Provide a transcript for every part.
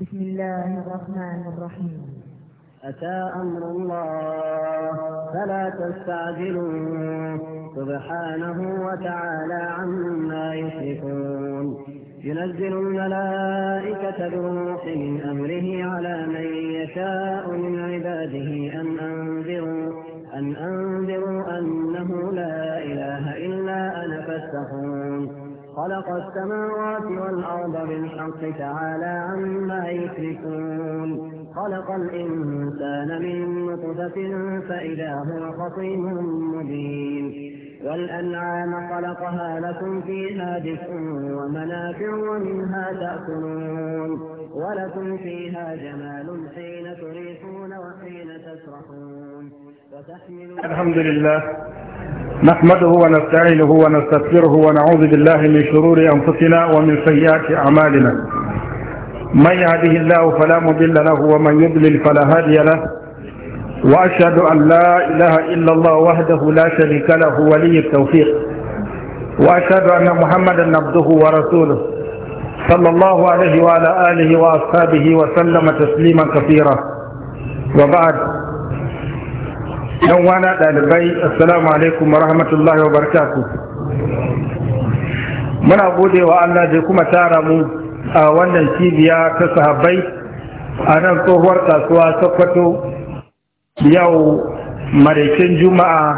بسم الله الرحمن الرحيم أتى أمر الله فلا تستعجلوه سبحانه وتعالى عما يشركون ينزل الملائكة بالروح من أمره على من يشاء من عباده أن أنذروا أن أنذروا أنه لا إله إلا أنا فاتقون خلق السماوات والأرض بالحق تعالى عما يشركون خلق الإنسان من نطفة فإذا هو خصيم مبين والأنعام خلقها لكم فيها دفء ومنافع ومنها تأكلون ولكم فيها جمال حين تريحون وحين تسرحون الحمد لله نحمده ونستعينه ونستغفره ونعوذ بالله من شرور أنفسنا ومن سيئات أعمالنا من يهده الله فلا مضل له ومن يضلل فلا هادي له وأشهد أن لا إله إلا الله وحده لا شريك له ولي التوفيق وأشهد أن محمدا عبده ورسوله صلى الله عليه وعلى آله وأصحابه وسلم تسليما كثيرا وبعد yan wana ɗalibai assalamu alaikum wa rahmatullahi wa barakatu muna gode wa Allah da kuma tara mu a wannan cibiya ta sahabbai a nan tsohuwar kasuwa kwato yau maraicin juma'a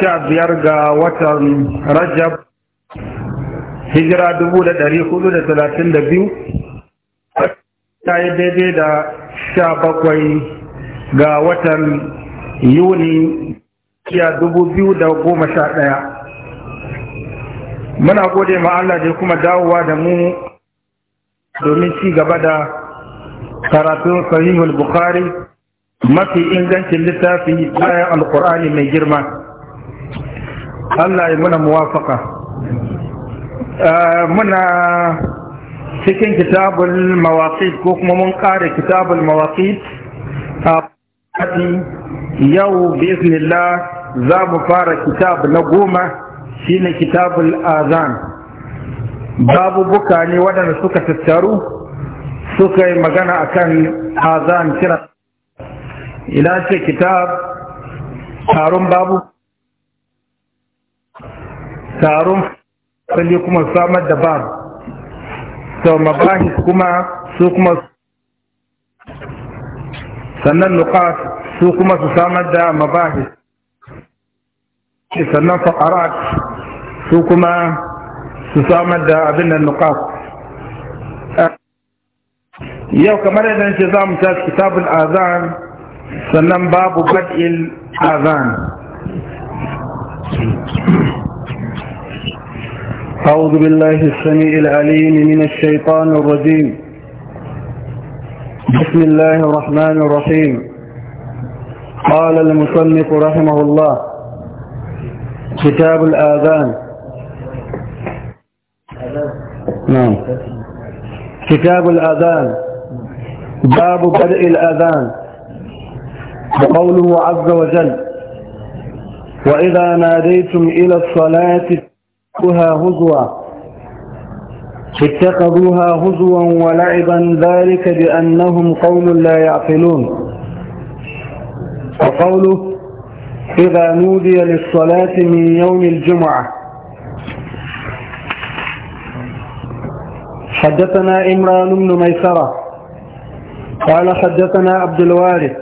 sha biyar ga watan rajab hijira biyu, ta yi daidai da sha bakwai ga watan yuni ya dubu biyu da goma sha ɗaya muna gode ma Allah da kuma dawowa da mu domin ci gaba da karatun sahihul bukhari mafi ingancin littafi bayan alkur'ani mai girma Allah ya muna muwafaka ah, muna cikin kitabul mawaƙi ko kuma mun kare kitabul mawaƙi. a yau bismillah za mu fara kitab na goma shine kitabul azan babu buka ne waɗanda suka tattaru suka yi magana akan azan kira ila ce kitab taron babu taron kuma samar da babu sau mabahis kuma su kuma sannan nukas su kuma su samar da mabahis sannan faqarat su kuma su samar da abin nan nukas yau kamar yadda ce za mu tashi kitabul azan sannan babu bad'il azan أعوذ بالله السميع العليم من الشيطان الرجيم بسم الله الرحمن الرحيم قال المصنف رحمه الله كتاب الآذان نعم كتاب الأذان باب بدء الأذان وقوله عز وجل وإذا ناديتم إلى الصلاة فاتوها هزوا اتخذوها هزوا ولعبا ذلك بأنهم قوم لا يعقلون وقوله إذا نودي للصلاة من يوم الجمعة حدثنا إمران بن ميسرة قال حدثنا عبد الوارث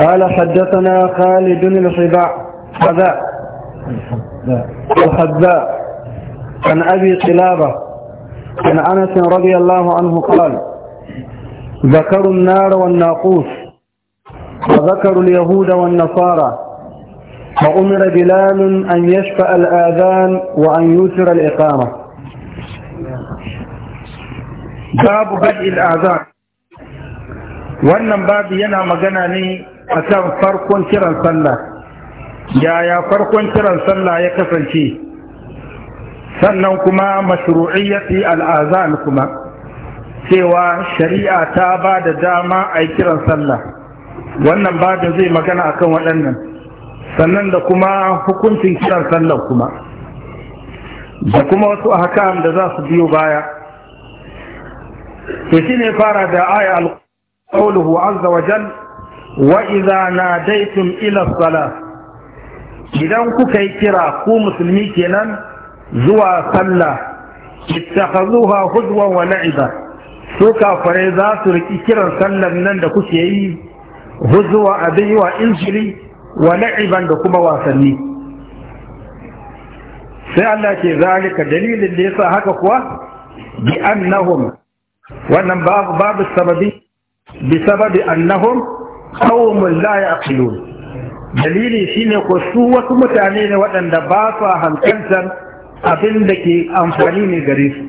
قال حدثنا خالد بن الحباء حذاء الحذاء عن أبي قلابة عن أنس رضي الله عنه قال ذكروا النار والناقوس وذكروا اليهود والنصارى فأمر بلال أن يشفى الآذان وأن يسر الإقامة باب بدء الآذان wannan باب yana magana ne فرق farkon kiran يا فرق farkon kiran يا ya فيه sannan kuma mashru'iyyati al'azan kuma cewa shari'a ta ba da dama a yi kiran sallah wannan ba da zai magana a kan waɗannan sannan da kuma hukuncin kiran sallah kuma da kuma wasu ahkam da za su biyo baya to shine fara da aya al-qawluhu azza wa jal wa idza nadaytum ila salah idan kuka yi kira ku musulmi kenan zuwa sallah ittakhazuha hudwan wa la'iba su kafare za su riki kiran sallar nan da kuke yi huzuwa abin wa injili wa la'iban da kuma wasanni sai Allah ke zalika dalilin da yasa haka kuwa bi annahum wannan babu babu sababi bi sababi annahum qaumun la yaqilun dalili shine ko su wasu mutane ne waɗanda ba su hankaltar abin da ke amfani ne gare su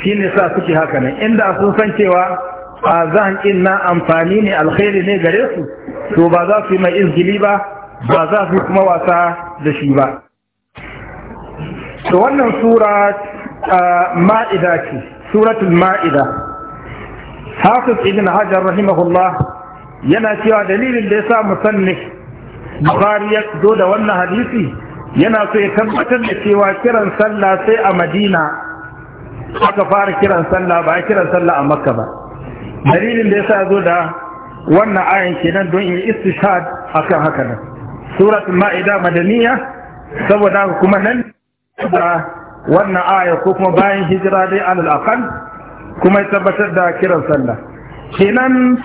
shi ne sa suke haka nan inda sun san cewa a zan in amfani ne alkhairi ne gare su to ba za su yi mai izgili ba ba za su kuma wasa da shi ba to wannan sura ma'ida ce suratul ma'ida hafiz ibn hajar rahimahullah yana cewa dalilin da ya sa musannif bukhari ya zo da wannan hadisi yana so ya tabbatar da cewa kiran sallah sai a madina aka fara kiran sallah ba a kiran sallah a makka ba dalilin da ya sa zo da wannan ayin kenan don yi istishad akan haka nan suratul ma'ida madaniya saboda kuma nan da wannan aya ko kuma bayan hijira dai alal aqal kuma ya tabbatar da kiran sallah kenan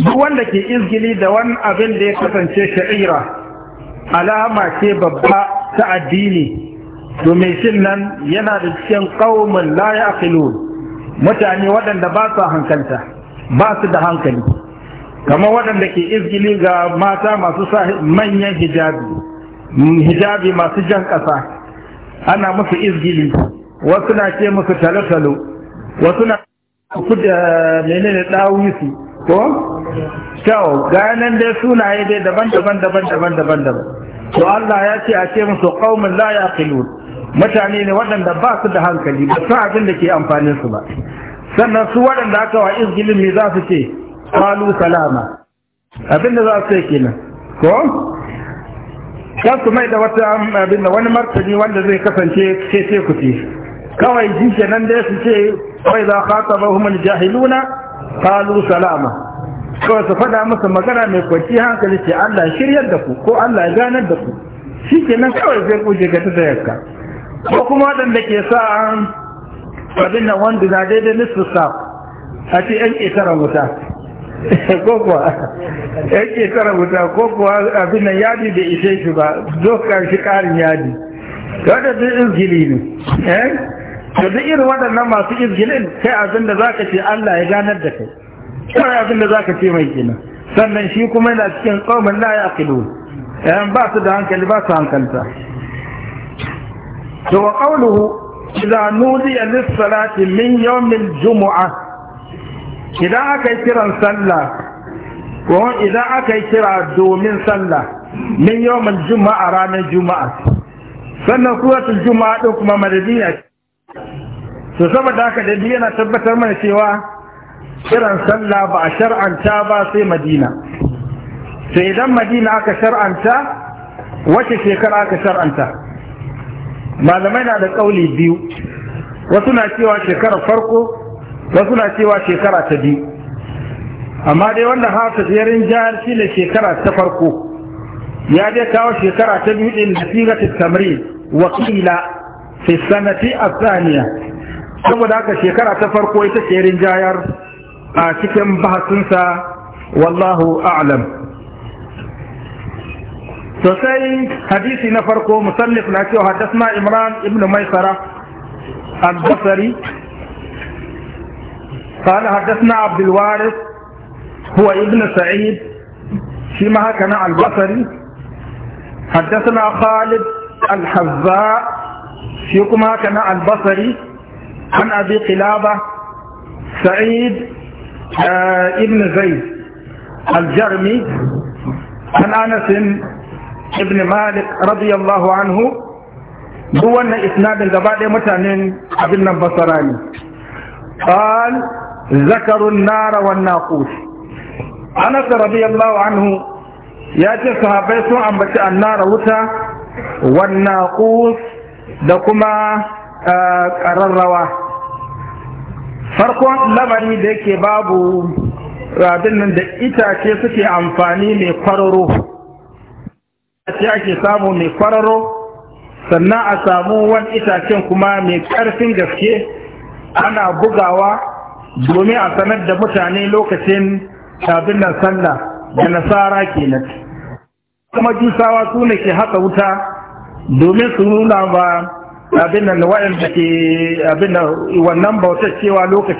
duk wanda ke izgili da wani abin da ya kasance sha'ira alama ce babba ta addini domin shin nan yana da cikin qauman la yaqilun mutane waɗanda ba su hankalta ba su da hankali kamar waɗanda ke izgili ga mata masu sa manyan hijabi hijabi masu jan ƙasa ana musu izgili wasu na ce musu talo-talo wasu na kuɗa menene ɗawisi ko kyau ganin dai sunaye dai daban-daban daban-daban daban-daban to Allah ya ce a ce musu qaumun la yaqilun mutane ne waɗanda ba su da hankali ba su abin da ke amfanin su ba sannan su waɗanda aka wa izgilin me za su ce qalu salama abin da za su ce kenan ko kar su mai da wata abin da wani martani wanda zai kasance ce ce ku ce kawai jinke nan dai su ce wai za khatabahum jahiluna. qalu salama kawai su faɗa masa magana mai kwanci hankali ce Allah shiryar da ku ko Allah ganar da ku shi ke nan kawai zai kuje ga da yanka ko kuma waɗanda ke sa an abin nan wanda na daidai nisu sa a ce yan ƙetaren wuta ko kuwa yan ƙetaren wuta ko kuwa abin nan yadi da ishe shi ba zo kan shi ƙarin yadi da zai izgili ne da duk irin waɗannan masu izgilin kai abin da ka ce Allah ya ganar da kai kai abin da ka ce mai gina, sannan shi kuma yana cikin qauman la yaqilu yan ba su da hankali ba su hankalta to wa qawluhu idza nudiya a salati min yawmin juma'a idan aka yi kiran sallah ko idan aka yi kira domin sallah min yawmin Juma'a ranar juma'a sannan suratul juma'a ɗin kuma madadiyya to da haka da yana tabbatar mana cewa kiran sallah ba a shar'anta ba sai madina sai idan madina aka shar'anta wace shekara aka shar'anta malamai na da kauli biyu wasu na cewa shekara farko wasu na cewa shekara ta biyu amma dai wanda hafiz ya jihar shi ne shekara ta farko ya dai kawo shekara ta biyu din da sigatul tamrin wakila fi sanati asaniya saboda haka shekara ta farko ita ce rinjayar a cikin bahasunsa wallahu a'lam sosai hadisi na farko musallif na cewa haddasna imran ibn maisara al-basri قال حدثنا عبد الوارث هو ابن سعيد فيما كان البصري حدثنا خالد الحذاء فيكما كان البصري عن أبي قلابة سعيد ابن زيد الجرمي عن أنس ابن مالك رضي الله عنه هو أن إسناد الجبال متعنين أبن البصراني قال ذكروا النار والناقوس أنس رضي الله عنه يأتي صحابي سوء أن بشأ النار وتا والناقوس دكما قرر رواه farkon lamari da yake babu rabin nan da itace suke amfani mai kwararo itace ake samu mai kwararo sannan a samu wani itacen kuma mai ƙarfin gaske ana bugawa domin a sanar da mutane lokacin abin nan sallah da nasara kenan kuma jusawa su ne ke haka wuta domin su nuna ba abin nan wa'anda ke abin nan wannan bautar cewa lokaci